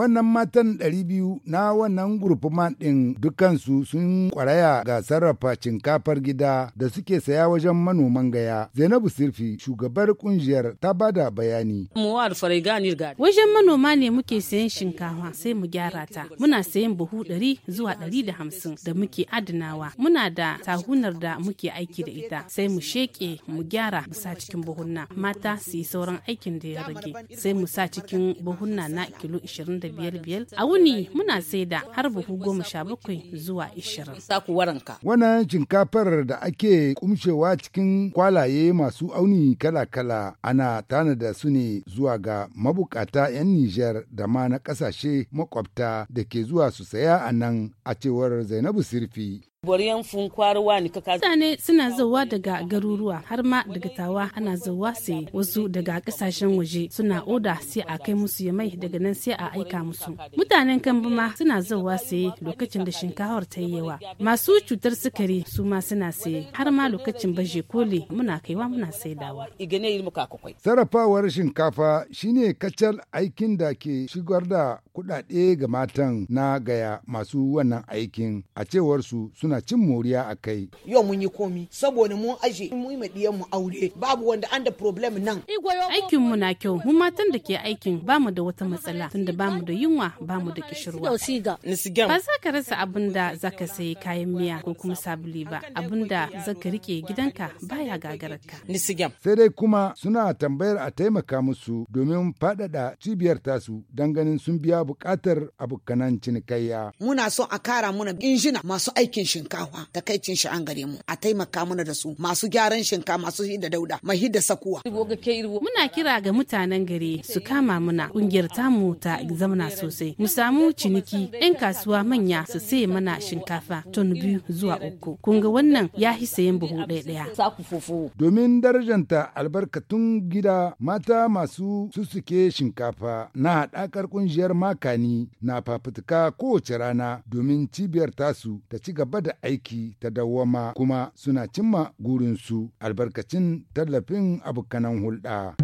Wannan matan 200 na wannan gurfuman ɗin dukansu sun kwaraya ga sarrafa cinkafar gida da suke saya wajen manoman gaya. Zainabu Sirfi, shugabar kungiyar ta bada bayani. Wajen manoma ne muke sayan shinkafa sai mu gyara ta. Muna sayan buhu 100 zuwa 150 da muke adanawa. Muna da tahunar da muke aiki da ita. Sai mu sheke mu gyara mu sa cikin buhunna. Mata su yi sauran aikin da ya rage. Sai mu sa cikin buhunna na kilo biyar a wuni muna saida har buhu goma sha bakwai zuwa ishirin. Wannan shinkafar da ake kumshewa cikin kwalaye masu auni kala-kala ana tanada su ne zuwa ga mabukata 'yan Nijar da ma na kasashe makwabta da ke zuwa su saya a nan a cewar Zainabu Sirfi Mutane suna zawa daga garuruwa har ma daga tawa ana zawa sai wasu daga kasashen waje suna oda sai a kai musu yamai daga nan sai a aika musu. Mutanen kambuma suna zauwa sai lokacin da shinkawar ta yi yawa. Masu cutar sukari su ma suna sai har ma lokacin baje koli muna kaiwa muna saidawa. Sarrafawar shinkafa shine kacal aikin da ke shigar da kuɗaɗe ga matan na gaya masu wannan aikin a cewar su suna cin moriya a kai. Yau mun yi komi saboda mun aje mun yi mu aure babu wanda an da problem nan. Aikin mu na kyau mu matan da ke aikin ba mu da wata matsala tunda mu da yunwa ba mu da kishirwa. Ba za ka rasa abin da za ka sayi kayan miya ko kuma sabuli ba abin da za ka rike gidanka baya gagararka. Sai dai kuma suna tambayar a taimaka musu domin faɗaɗa cibiyar tasu don ganin sun biya buƙatar abokanan cinikayya. Muna so a kara muna injina masu aikin shinkafa takaicin shi an gare mu a taimaka mana da su masu gyaran shinka masu hidda dauda mai hidda sakuwa. Muna kira ga mutanen gare su kama muna kungiyar tamu ta zamana sosai mu samu ciniki ɗan kasuwa manya su sai mana shinkafa tun biyu zuwa uku kun ga wannan ya hisa sayan buhu ɗaya ɗaya. Domin darajanta albarkatun gida mata masu susuke shinkafa na haɗakar kungiyar mata makani na fafutuka kowace rana domin cibiyar tasu ta ci gaba da aiki ta dawoma. kuma suna cimma gurinsu albarkacin tallafin abokanan hulɗa.